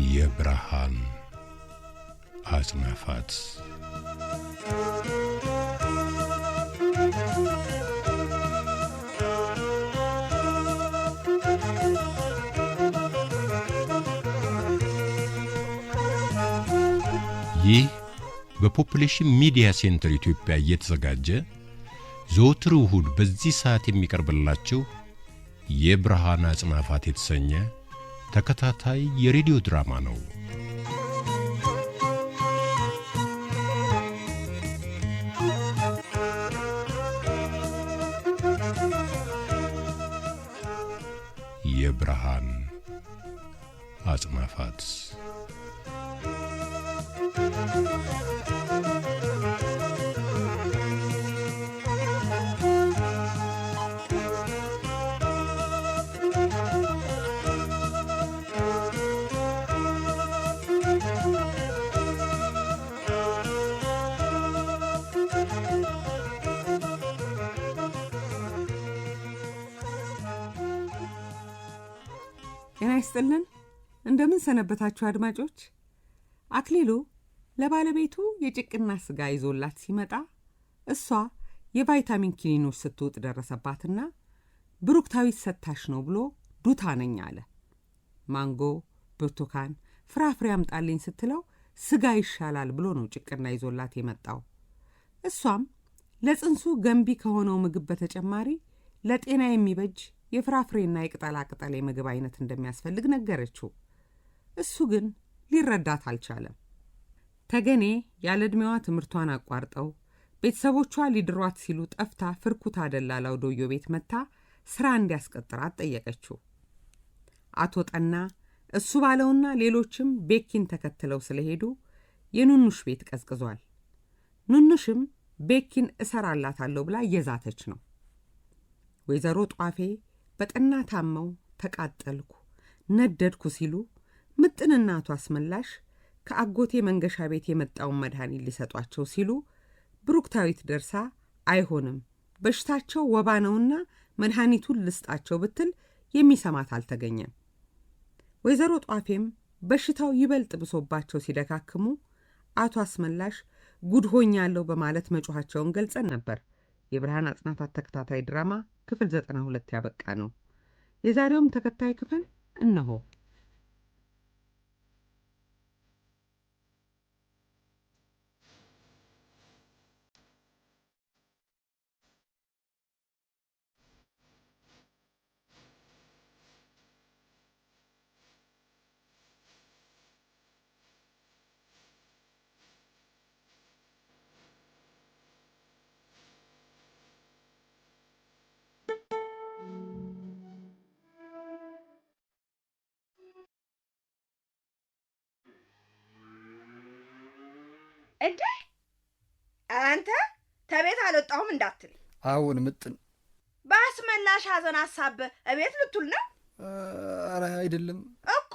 Yebrahan as my fats. በፖፑሌሽን ሚዲያ ሴንተር ኢትዮጵያ እየተዘጋጀ ዘወትር እሁድ በዚህ ሰዓት የሚቀርብላችሁ የብርሃን አጽናፋት የተሰኘ ተከታታይ የሬዲዮ ድራማ ነው። የብርሃን አጽናፋት ይስጥልን። እንደምን ሰነበታችሁ አድማጮች። አክሊሉ ለባለቤቱ የጭቅና ስጋ ይዞላት ሲመጣ እሷ የቫይታሚን ኪኒኖች ስትውጥ ደረሰባትና ብሩክታዊት ሰታሽ ነው ብሎ ዱታ ነኝ አለ። ማንጎ፣ ብርቱካን፣ ፍራፍሬ አምጣልኝ ስትለው ስጋ ይሻላል ብሎ ነው ጭቅና ይዞላት የመጣው። እሷም ለጽንሱ ገንቢ ከሆነው ምግብ በተጨማሪ ለጤና የሚበጅ የፍራፍሬና የቅጠላቅጠል የምግብ አይነት እንደሚያስፈልግ ነገረችው። እሱ ግን ሊረዳት አልቻለም። ተገኔ ያለ ዕድሜዋ ትምህርቷን አቋርጠው ቤተሰቦቿ ሊድሯት ሲሉ ጠፍታ ፍርኩታ ደላላው ዶዮ ቤት መታ ስራ እንዲያስቀጥራት ጠየቀችው። አቶ ጠና እሱ ባለውና ሌሎችም ቤኪን ተከትለው ስለሄዱ የኑኑሽ ቤት ቀዝቅዟል። ኑኑሽም ቤኪን እሰራላታለሁ ብላ እየዛተች ነው። ወይዘሮ ጧፌ በጠና ታመው ተቃጠልኩ፣ ነደድኩ ሲሉ ምጥን እናቱ አስመላሽ ከአጎቴ መንገሻ ቤት የመጣውን መድኃኒት ሊሰጧቸው ሲሉ ብሩክታዊት ደርሳ አይሆንም በሽታቸው ወባ ነውና መድኃኒቱን ልስጣቸው ብትል የሚሰማት አልተገኘም። ወይዘሮ ጧፌም በሽታው ይበልጥ ብሶባቸው ሲደካክሙ አቶ አስመላሽ ጉድሆኛለሁ በማለት መጮኋቸውን ገልጸን ነበር። የብርሃን አጽናፋት ተከታታይ ድራማ ክፍል ዘጠና ሁለት ያበቃ ነው። የዛሬውም ተከታይ ክፍል እነሆ። እንዴ አንተ ተቤት አልወጣሁም እንዳትል። አሁን ምጥን በአስመላሽ ሐዘን አሳብህ እቤት ልትውል ነው? ኧረ አይደለም እኮ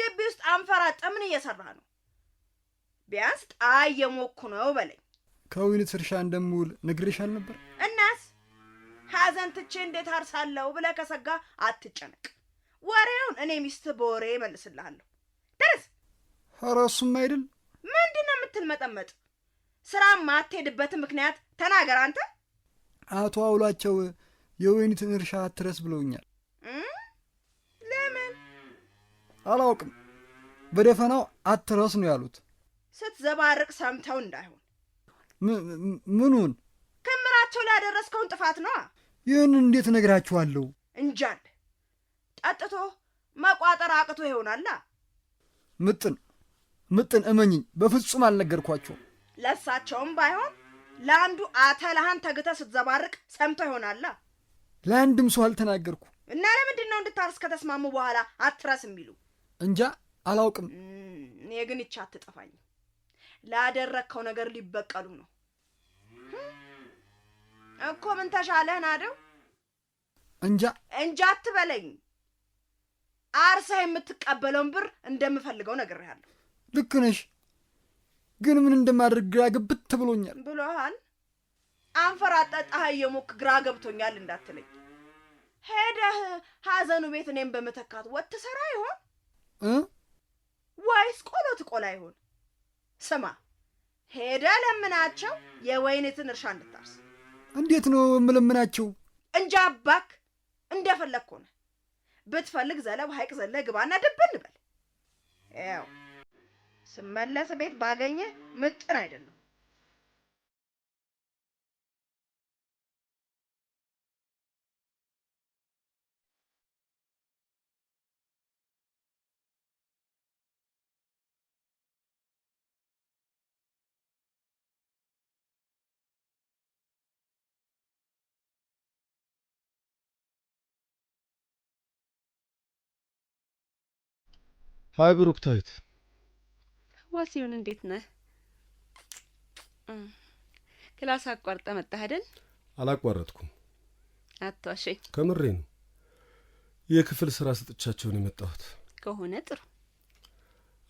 ግቢ ውስጥ አንፈራጠ ምን እየሰራ ነው? ቢያንስ ጣይ የሞኩ ነው በለኝ። ከወይኒት እርሻ እንደምውል ነግሬሻል ነበር። እናስ ሀዘን ትቼ እንዴት አርሳለሁ ብለህ ከሰጋ አትጨነቅ። ወሬውን እኔ ሚስት በወሬ መልስልሃለሁ። ደረስ ኧረ እሱም አይደል ምንድን ነው የምትልመጠመጥ? ስራ ማትሄድበት ምክንያት ተናገር አንተ። አቶ አውሏቸው የወይኒትን እርሻ አትረስ ብለውኛል። ለምን አላውቅም። በደፈናው አትረስ ነው ያሉት። ስትዘባርቅ ሰምተው እንዳይሆን። ምኑን? ክምራቸው ላይ ያደረስከውን ጥፋት ነዋ። ይህን እንዴት እነግራችኋለሁ? እንጃል ጠጥቶ መቋጠር አቅቶ ይሆናላ ምጥን ምጥን እመኝኝ፣ በፍጹም አልነገርኳቸው። ለሳቸውም ባይሆን ለአንዱ ለሃን ተግተ ስትዘባርቅ ሰምቶ ይሆናላ። ለአንድም ሰው አልተናገርኩ እና ለምንድን ነው እንድታርስ ከተስማሙ በኋላ አትረስ የሚሉ? እንጃ አላውቅም። እኔ ግን ይቻ አትጠፋኝ። ላደረግከው ነገር ሊበቀሉ ነው እኮ። ምን ተሻለህን? አደው እንጃ እንጃ አትበለኝ። አርሰህ የምትቀበለውን ብር እንደምፈልገው ነግሬሃለሁ። ልክ ነሽ፣ ግን ምን እንደማደርግ ግራ ገብት ብሎኛል። ብሎሃል? አንፈራጠጣህ የሞክ ግራ ገብቶኛል እንዳትለኝ። ሄደህ ሀዘኑ ቤት እኔም በመተካት ወጥ ትሰራ ይሆን ወይስ ቆሎ ትቆላ ይሆን? ስማ ሄደህ ለምናቸው የወይንትን እርሻ እንድታርስ። እንዴት ነው የምለምናቸው? እንጃ አባክ፣ እንደፈለግ ሆነ። ብትፈልግ ዘለብ ሀይቅ ዘለ ግባና ድብን በል ያው ስመለስ ቤት ባገኘ ምጥን አይደለም። ሀይ ብሩክታዊት ዋሲሁን እንዴት ነህ? ክላስ አቋርጠ መጣህ አይደል? አላቋረጥኩም። አትዋሸኝ። ከምሬ ነው። የክፍል ስራ ስጥቻቸውን የመጣሁት ከሆነ ጥሩ።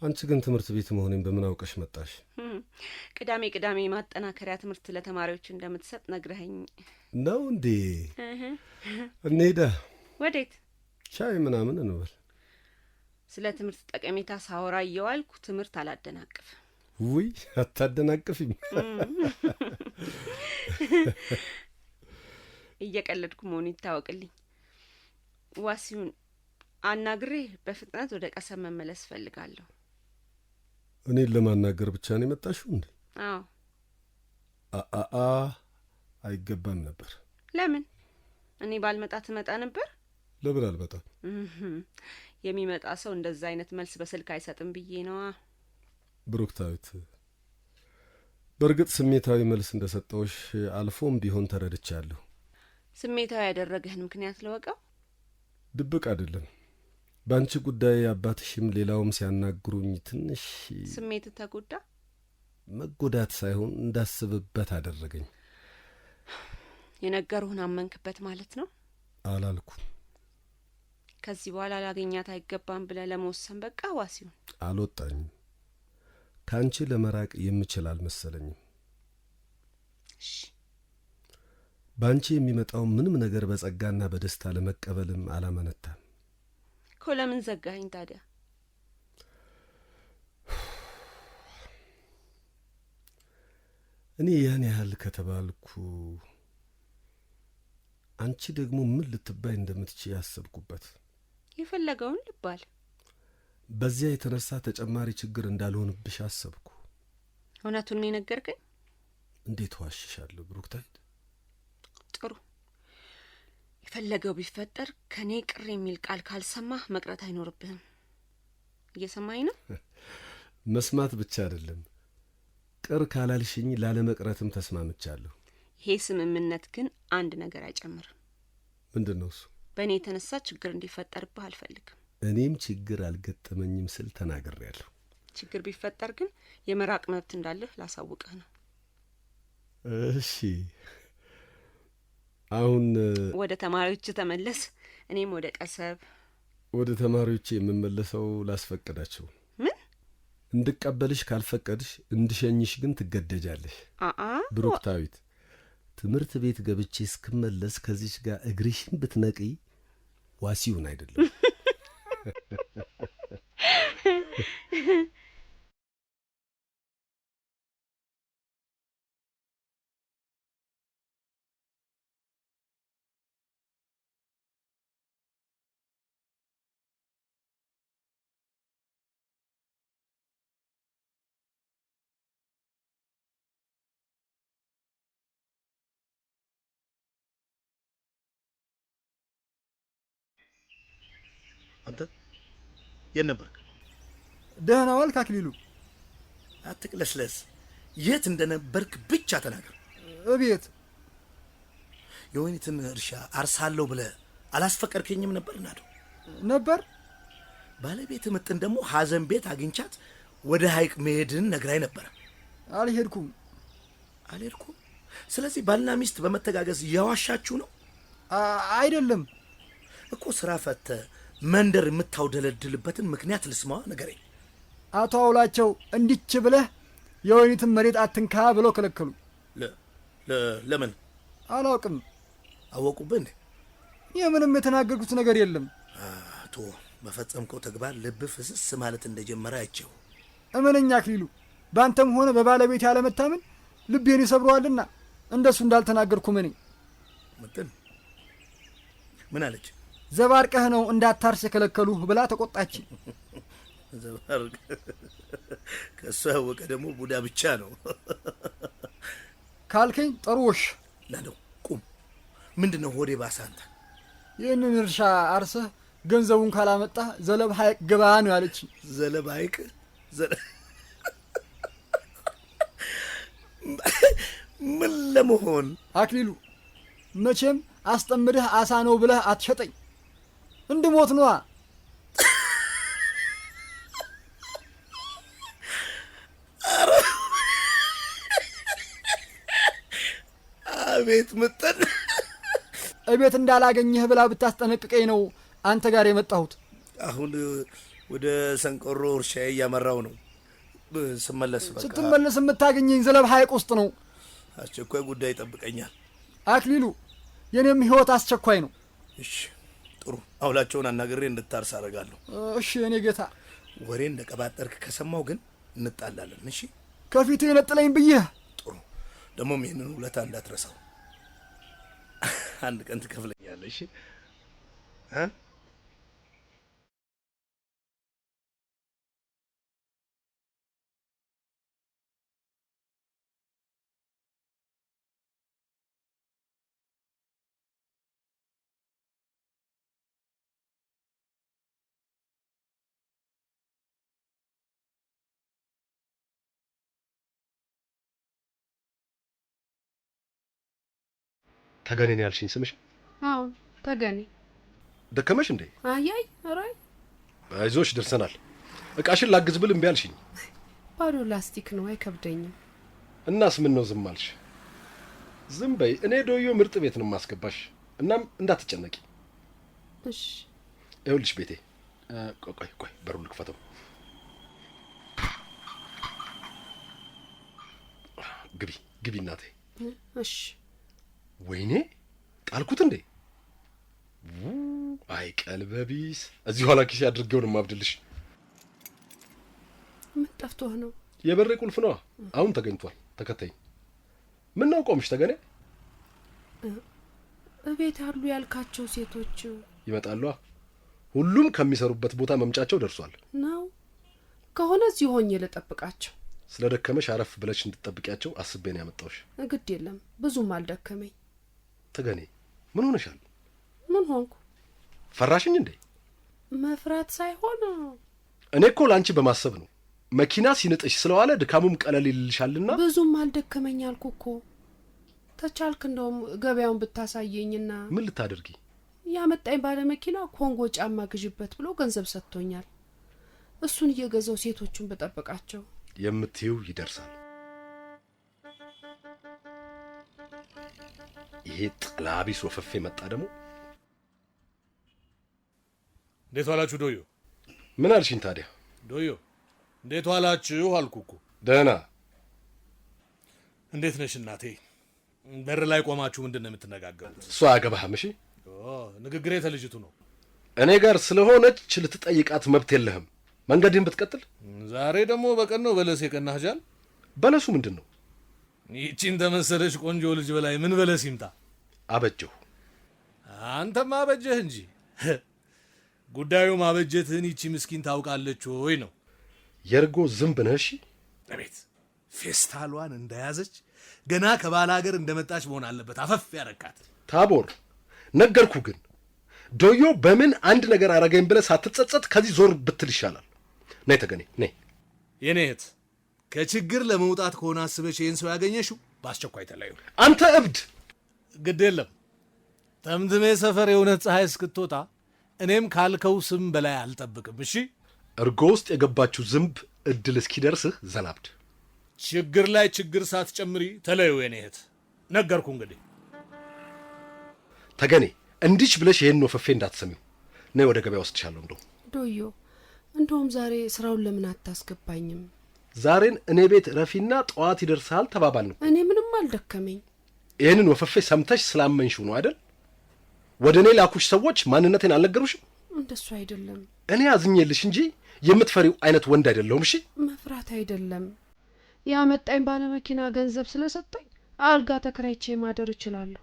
አንቺ ግን ትምህርት ቤት መሆኔን በምን አውቀሽ መጣሽ? ቅዳሜ ቅዳሜ ማጠናከሪያ ትምህርት ለተማሪዎች እንደምትሰጥ ነግረኸኝ ነው እንዴ? እንሄዳ። ወዴት? ሻይ ምናምን እንበል ስለ ትምህርት ጠቀሜታ ሳወራ እየዋልኩ ትምህርት አላደናቅፍ። ውይ አታደናቅፊም፣ እየቀለድኩ መሆኑ ይታወቅልኝ። ዋሲውን አናግሬ በፍጥነት ወደ ቀሰም መመለስ እፈልጋለሁ። እኔን ለማናገር ብቻ ነው የመጣሽው እንዴ? አዎ። አአአ አይገባም ነበር። ለምን? እኔ ባልመጣ ትመጣ ነበር? ለምን አልመጣም? የሚመጣ ሰው እንደዛ አይነት መልስ በስልክ አይሰጥም ብዬ ነዋ። ብሩክታዊት፣ በእርግጥ ስሜታዊ መልስ እንደ ሰጠውሽ አልፎም ቢሆን ተረድቻለሁ። ስሜታዊ ያደረገህን ምክንያት ለወቀው ድብቅ አይደለም። በአንቺ ጉዳይ አባትሽም ሌላውም ሲያናግሩኝ ትንሽ ስሜት ተጎዳ። መጎዳት ሳይሆን እንዳስብበት አደረገኝ። የነገሩህን አመንክበት ማለት ነው? አላልኩም ከዚህ በኋላ ላገኛት አይገባም ብለህ ለመወሰን በቃ ዋሲሁን አልወጣኝም። ከአንቺ ለመራቅ የምችል አልመሰለኝም። እሺ በአንቺ የሚመጣው ምንም ነገር በጸጋና በደስታ ለመቀበልም አላመነታም። እኮ ለምን ዘጋኸኝ ታዲያ? እኔ ያን ያህል ከተባልኩ አንቺ ደግሞ ምን ልትባይ እንደምትች ያሰብኩበት የፈለገውን ልባል። በዚያ የተነሳ ተጨማሪ ችግር እንዳልሆንብሽ አሰብኩ። እውነቱን የነገርከኝ? እንዴት ዋሽሻለሁ ብሩክታይት? ጥሩ የፈለገው ቢፈጠር ከእኔ ቅር የሚል ቃል ካልሰማህ መቅረት አይኖርብህም። እየሰማኝ ነው? መስማት ብቻ አይደለም፣ ቅር ካላልሽኝ ላለመቅረትም ተስማምቻለሁ። ይሄ ስምምነት ግን አንድ ነገር አይጨምርም። ምንድን ነው እሱ? በእኔ የተነሳ ችግር እንዲፈጠርብህ አልፈልግም። እኔም ችግር አልገጠመኝም ስል ያለሁ ችግር ቢፈጠር ግን የመራቅ መብት እንዳለህ ላሳውቅህ ነው። እሺ፣ አሁን ወደ ተማሪዎች ተመለስ። እኔም ወደ ቀሰብ ወደ ተማሪዎች የምመለሰው ላስፈቀዳቸው ምን እንድቀበልሽ ካልፈቀድሽ እንድሸኝሽ ግን ትገደጃለሽ። ብሩክታዊት ትምህርት ቤት ገብቼ እስክመለስ ከዚች ጋር እግርሽን ብትነቂ ዋሲውን አይደለም አንተ የት ነበርክ? ደህና ዋልክ አክሊሉ። አትቅለስለስ። የት እንደነበርክ ብቻ ተናገር። እቤት የወይኒትን እርሻ አርሳለሁ ብለህ አላስፈቀድከኝም ነበር? እናደው ነበር። ባለቤት ምጥን ደግሞ ሀዘን ቤት አግኝቻት ወደ ሀይቅ መሄድን ነግራኝ ነበረ። አልሄድኩም አልሄድኩም። ስለዚህ ባልና ሚስት በመተጋገዝ እያዋሻችሁ ነው? አይደለም እኮ ስራ ፈተ መንደር የምታውደለድልበትን ምክንያት ልስማ ንገረኝ። አቶ አውላቸው እንዲች ብለህ የወይኒትን መሬት አትንካ ብለው ከለከሉ። ለምን አላውቅም። አወቁብን የምንም የተናገርኩት ነገር የለም። አቶ በፈጸምከው ተግባር ልብ ፍስስ ማለት እንደጀመረ አይቼው። እምንኛ አክሊሉ፣ በአንተም ሆነ በባለቤት ያለመታመን ልቤን ይሰብረዋልና እንደሱ እንዳልተናገርኩ ምን ምጥን ምን አለች? ዘባርቀህ ነው እንዳታርስ የከለከሉ ብላ ተቆጣች። ዘባርቅ ከእሱ ያወቀ ደግሞ ቡዳ ብቻ ነው ካልከኝ ጠሩዎሽ ለነው ቁም ምንድነው ሆዴ ባሳ አንተ ይህንን እርሻ አርሰህ ገንዘቡን ካላመጣ ዘለብ ሀይቅ ግባ ነው ያለች። ዘለብ ሀይቅ ምን ለመሆን አክሊሉ፣ መቼም አስጠምድህ አሳ ነው ብለህ አትሸጠኝ። እንድሞት ነዋ። አቤት ምጥን እቤት እንዳላገኘህ ብላ ብታስጠነቅቀኝ ነው አንተ ጋር የመጣሁት። አሁን ወደ ሰንቆሮ እርሻ እያመራው ነው። ስመለስ ስትመለስ የምታገኘኝ ዘለብ ሐይቅ ውስጥ ነው። አስቸኳይ ጉዳይ ይጠብቀኛል። አክሊሉ፣ የኔም ህይወት አስቸኳይ ነው። እሺ ጥሩ አውላቸውን አናግሬ እንድታርስ አደርጋለሁ። እሺ እኔ ጌታ፣ ወሬ እንደ ቀባጠርክ ከሰማው ግን እንጣላለን። እሺ ከፊት የነጥለኝ ብዬ። ጥሩ ደግሞም ይህንን ውለታ እንዳትረሳው። አንድ ቀን ትከፍለኛለህ። እሺ ተገኔ ነው ያልሽኝ ስምሽ? አዎ ተገኔ። ደከመሽ እንዴ? አያይ አራይ። አይዞሽ ደርሰናል። እቃሽን ላግዝ ብል እምቢ አልሽኝ። ባዶ ላስቲክ ነው አይከብደኝም። እናስ ምን ነው ዝም አልሽ? ዝም በይ። እኔ ዶዮ ምርጥ ቤት ነው የማስገባሽ። እናም እንዳትጨነቂ እሺ። ይኸውልሽ ቤቴ። ቆይ ቆይ፣ በሩ ልክፈተው። ግቢ ግቢ እናቴ። እሺ ወይኔ ጣልኩት እንዴ! አይ ቀልበቢስ! እዚህ ኋላ ኪሴ አድርጌውን ማብድልሽ። ምን ጠፍቶህ ነው? የበሬ ቁልፍ ነዋ። አሁን ተገኝቷል። ተከታይ ምን ነው ቆምሽ? ተገኔ እቤት አሉ ያልካቸው ሴቶች ይመጣሉ። ሁሉም ከሚሰሩበት ቦታ መምጫቸው ደርሷል። ነው ከሆነ እዚህ ሆኜ ልጠብቃቸው። ስለ ደከመሽ አረፍ ብለሽ እንድትጠብቂያቸው አስቤን ያመጣውሽ ግድ የለም ብዙም አልደከመኝ። ትገኔ ምን ሆነሻል? ምን ሆንኩ? ፈራሽኝ እንዴ? መፍራት ሳይሆን እኔ እኮ ለአንቺ በማሰብ ነው። መኪና ሲንጥሽ ስለዋለ ድካሙም ቀለል ይልልሻልና ብዙም አልደከመኝ አልኩ እኮ። ተቻልክ እንደውም ገበያውን ብታሳየኝና። ምን ልታደርጊ? ያመጣኝ ባለ መኪና ኮንጎ ጫማ ግዥበት ብሎ ገንዘብ ሰጥቶኛል። እሱን እየገዛው ሴቶቹን በጠበቃቸው የምትይው ይደርሳል። ይሄ ጥላቢስ ወፈፌ መጣ ደግሞ። እንዴት ዋላችሁ ዶዮ? ምን አልሽኝ ታዲያ ዶዮ? እንዴት ዋላችሁ አልኩ እኮ። ደህና። እንዴት ነሽ እናቴ? በር ላይ ቆማችሁ ምንድን ነው የምትነጋገሩት? እሷ አያገባህም። እሺ፣ ንግግሬ ተልጅቱ ነው። እኔ ጋር ስለሆነች ልትጠይቃት መብት የለህም። መንገድህን ብትቀጥል። ዛሬ ደግሞ በቀን ነው በለስ የቀናህጃል። በለሱ ምንድን ነው? ይቺን ተመሰለች ቆንጆ ልጅ በላይ ምን በለ ይምጣ። አበጀሁ። አንተም አበጀህ እንጂ ጉዳዩ ማበጀትህን ይቺ ምስኪን ታውቃለች ወይ ነው። የርጎ ዝንብ እሺ። አቤት። ፌስታሏን እንደያዘች ገና ከባለ ሀገር እንደመጣች መሆን አለበት። አፈፍ ያረካት ታቦር። ነገርኩ ግን ዶዮ በምን አንድ ነገር አረገኝ ብለህ ሳትጸጸት ከዚህ ዞር ብትል ይሻላል። ነይ ተገኔ ነይ የኔ እህት ከችግር ለመውጣት ከሆነ አስበሽ ይህን ሰው ያገኘሽው በአስቸኳይ ተለዩ። አንተ እብድ! ግድ የለም ተምትሜ ሰፈር የእውነት ፀሐይ እስክትወጣ እኔም ካልከው ስም በላይ አልጠብቅም። እሺ እርጎ ውስጥ የገባችው ዝንብ እድል እስኪደርስህ ዘናብድ። ችግር ላይ ችግር ሳትጨምሪ ተለዩ የኔ እህት። ነገርኩ እንግዲህ ተገኔ፣ እንዲች ብለሽ ይህን ወፈፌ እንዳትሰሚው። ነይ ወደ ገበያ ወስድሻለሁ። እንደው ዶዮ፣ እንደውም ዛሬ ስራውን ለምን አታስገባኝም? ዛሬን እኔ ቤት ረፊና ጠዋት ይደርሳል ተባባል ነው። እኔ ምንም አልደከመኝ። ይህንን ወፈፌ ሰምተሽ ስላመንሽው ነው አይደል? ወደ እኔ ላኩሽ ሰዎች ማንነቴን አልነገሩሽም? እንደሱ አይደለም። እኔ አዝኜልሽ እንጂ የምትፈሪው አይነት ወንድ አይደለሁም። እሺ፣ መፍራት አይደለም። ያመጣኝ ባለመኪና ገንዘብ ስለሰጠኝ አልጋ ተከራይቼ ማደር እችላለሁ።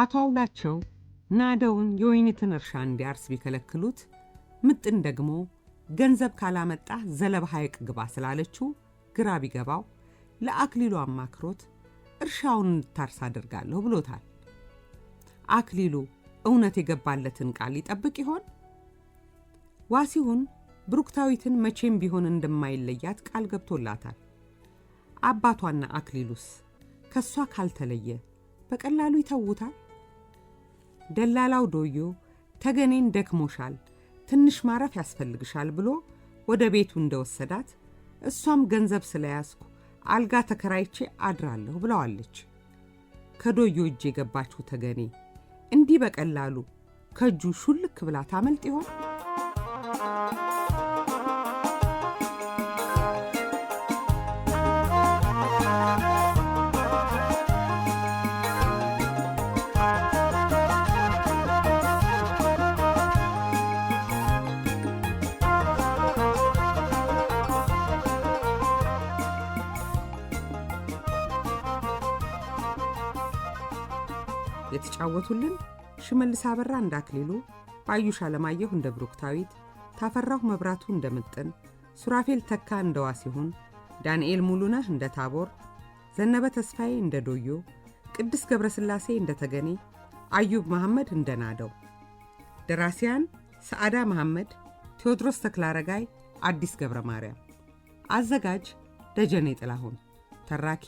አቶ አውላቸው ናደውን የወይኒትን እርሻ እንዲያርስ ቢከለክሉት ምጥን ደግሞ ገንዘብ ካላመጣ ዘለብ ሐይቅ ግባ ስላለችው ግራ ቢገባው ለአክሊሉ አማክሮት እርሻውን እንድታርስ አድርጋለሁ ብሎታል። አክሊሉ እውነት የገባለትን ቃል ይጠብቅ ይሆን? ዋሲሁን ብሩክታዊትን መቼም ቢሆን እንደማይለያት ቃል ገብቶላታል። አባቷና አክሊሉስ ከእሷ ካልተለየ በቀላሉ ይተውታል? ደላላው ዶዮ ተገኔን ደክሞሻል፣ ትንሽ ማረፍ ያስፈልግሻል ብሎ ወደ ቤቱ እንደወሰዳት እሷም ገንዘብ ስለያዝኩ አልጋ ተከራይቼ አድራለሁ ብለዋለች። ከዶዮ እጅ የገባችው ተገኔ እንዲህ በቀላሉ ከእጁ ሹልክ ብላ ታመልጥ ይሆን? የተጫወቱልን ሽመልስ አበራ እንደ አክሊሉ፣ ባዩሽ አለማየሁ እንደ ብሩክታዊት፣ ታፈራሁ መብራቱ እንደ ምጥን፣ ሱራፌል ተካ እንደ ዋሲሁን፣ ዳንኤል ሙሉነህ እንደ ታቦር፣ ዘነበ ተስፋዬ እንደ ዶዮ፣ ቅድስ ስላሴ እንደ ተገኔ፣ አዩብ መሐመድ እንደ ናደው። ደራሲያን ሰዓዳ መሐመድ፣ ቴዎድሮስ ተክላረጋይ፣ አዲስ ገብረ ማርያም። አዘጋጅ ደጀኔ ጥላሁን። ተራኪ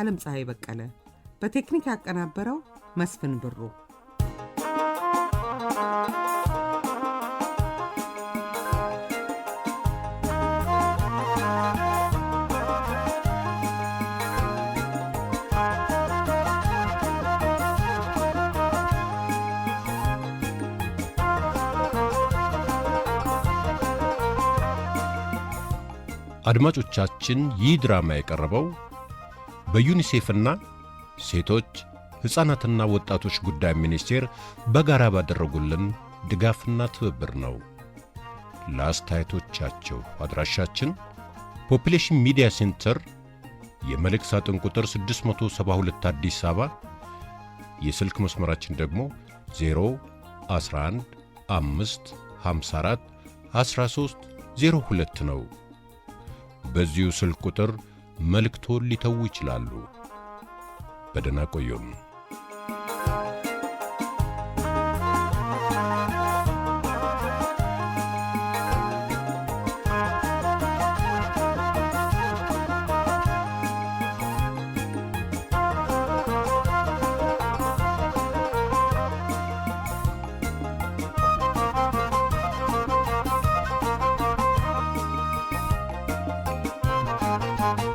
ዓለም ፀሐይ በቀለ። በቴክኒክ ያቀናበረው መስፍን ብሩ አድማጮቻችን ይህ ድራማ የቀረበው በዩኒሴፍና ሴቶች ሕፃናትና ወጣቶች ጉዳይ ሚኒስቴር በጋራ ባደረጉልን ድጋፍና ትብብር ነው። ለአስተያየቶቻቸው አድራሻችን ፖፕሌሽን ሚዲያ ሴንተር የመልእክት ሳጥን ቁጥር 672 አዲስ አበባ፣ የስልክ መስመራችን ደግሞ 011 5 54 13 02 ነው። በዚሁ ስልክ ቁጥር መልእክቶን ሊተዉ ይችላሉ። በደህና ቆዩም። thank you